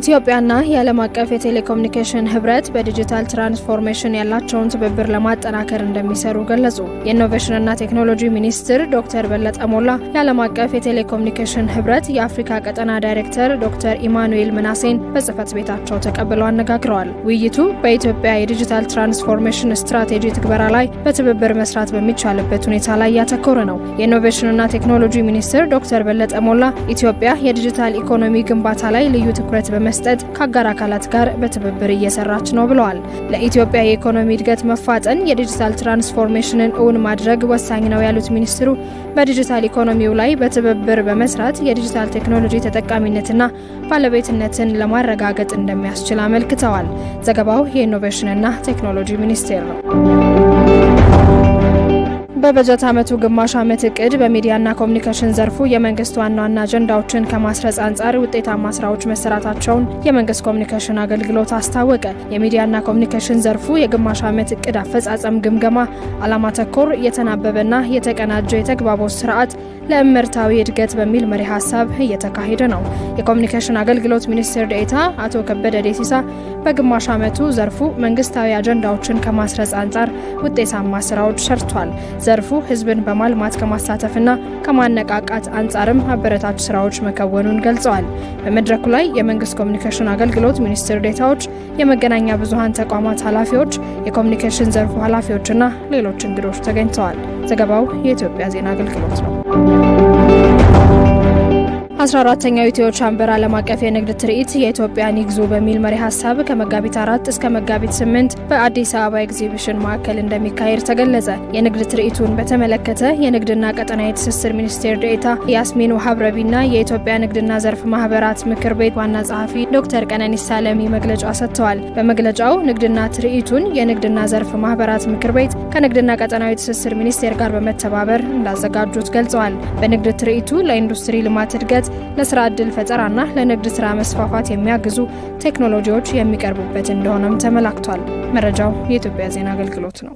ኢትዮጵያና የዓለም አቀፍ የቴሌኮሙኒኬሽን ህብረት በዲጂታል ትራንስፎርሜሽን ያላቸውን ትብብር ለማጠናከር እንደሚሰሩ ገለጹ። የኢኖቬሽንና ቴክኖሎጂ ሚኒስትር ዶክተር በለጠ ሞላ የዓለም አቀፍ የቴሌኮሙኒኬሽን ህብረት የአፍሪካ ቀጠና ዳይሬክተር ዶክተር ኢማኑኤል ምናሴን በጽህፈት ቤታቸው ተቀብለው አነጋግረዋል። ውይይቱ በኢትዮጵያ የዲጂታል ትራንስፎርሜሽን ስትራቴጂ ትግበራ ላይ በትብብር መስራት በሚቻልበት ሁኔታ ላይ ያተኮረ ነው። የኢኖቬሽንና ቴክኖሎጂ ሚኒስትር ዶክተር በለጠ ሞላ ኢትዮጵያ የዲጂታል ኢኮኖሚ ግንባታ ላይ ልዩ ትኩረት በመ ለመስጠት ከአጋር አካላት ጋር በትብብር እየሰራች ነው ብለዋል። ለኢትዮጵያ የኢኮኖሚ እድገት መፋጠን የዲጂታል ትራንስፎርሜሽንን እውን ማድረግ ወሳኝ ነው ያሉት ሚኒስትሩ በዲጂታል ኢኮኖሚው ላይ በትብብር በመስራት የዲጂታል ቴክኖሎጂ ተጠቃሚነትና ባለቤትነትን ለማረጋገጥ እንደሚያስችል አመልክተዋል። ዘገባው የኢኖቬሽንና ቴክኖሎጂ ሚኒስቴር ነው። በበጀት ዓመቱ ግማሽ ዓመት እቅድ በሚዲያና ኮሚኒኬሽን ዘርፉ የመንግስት ዋና ዋና አጀንዳዎችን ከማስረጽ አንጻር ውጤታማ ስራዎች መሰራታቸውን የመንግስት ኮሚኒኬሽን አገልግሎት አስታወቀ። የሚዲያና ኮሚኒኬሽን ዘርፉ የግማሽ ዓመት እቅድ አፈጻጸም ግምገማ ዓላማ ተኮር የተናበበና የተቀናጀ የተግባቦት ስርዓት ለእምርታዊ እድገት በሚል መሪ ሀሳብ እየተካሄደ ነው። የኮሚኒኬሽን አገልግሎት ሚኒስትር ዴኤታ አቶ ከበደ ዴሲሳ በግማሽ ዓመቱ ዘርፉ መንግስታዊ አጀንዳዎችን ከማስረጽ አንጻር ውጤታማ ስራዎች ሰርቷል። በዘርፉ ህዝብን በማልማት ከማሳተፍና ከማነቃቃት አንጻርም አበረታች ስራዎች መከወኑን ገልጸዋል። በመድረኩ ላይ የመንግስት ኮሚኒኬሽን አገልግሎት ሚኒስትር ዴታዎች፣ የመገናኛ ብዙሀን ተቋማት ኃላፊዎች፣ የኮሚኒኬሽን ዘርፉ ኃላፊዎችና ሌሎች እንግዶች ተገኝተዋል። ዘገባው የኢትዮጵያ ዜና አገልግሎት ነው። 14ኛው ኢትዮ ቻምበር ዓለም አቀፍ የንግድ ትርኢት የኢትዮጵያን ይግዙ በሚል መሪ ሀሳብ ከመጋቢት አራት እስከ መጋቢት ስምንት በአዲስ አበባ ኤግዚቢሽን ማዕከል እንደሚካሄድ ተገለጸ። የንግድ ትርኢቱን በተመለከተ የንግድና ቀጠናዊ ትስስር ሚኒስቴር ዴኤታ ያስሚን ውሃብ የኢትዮጵያ ንግድና ዘርፍ ማህበራት ምክር ቤት ዋና ጸሐፊ ዶክተር ቀነኒሳ ለሚ መግለጫ ሰጥተዋል። በመግለጫው ንግድና ትርኢቱን የንግድና ዘርፍ ማህበራት ምክር ቤት ከንግድና ቀጠናዊ ትስስር ሚኒስቴር ጋር በመተባበር እንዳዘጋጁት ገልጸዋል። በንግድ ትርኢቱ ለኢንዱስትሪ ልማት እድገት ለስራ ዕድል ፈጠራና ለንግድ ስራ መስፋፋት የሚያግዙ ቴክኖሎጂዎች የሚቀርቡበት እንደሆነም ተመላክቷል። መረጃው የኢትዮጵያ ዜና አገልግሎት ነው።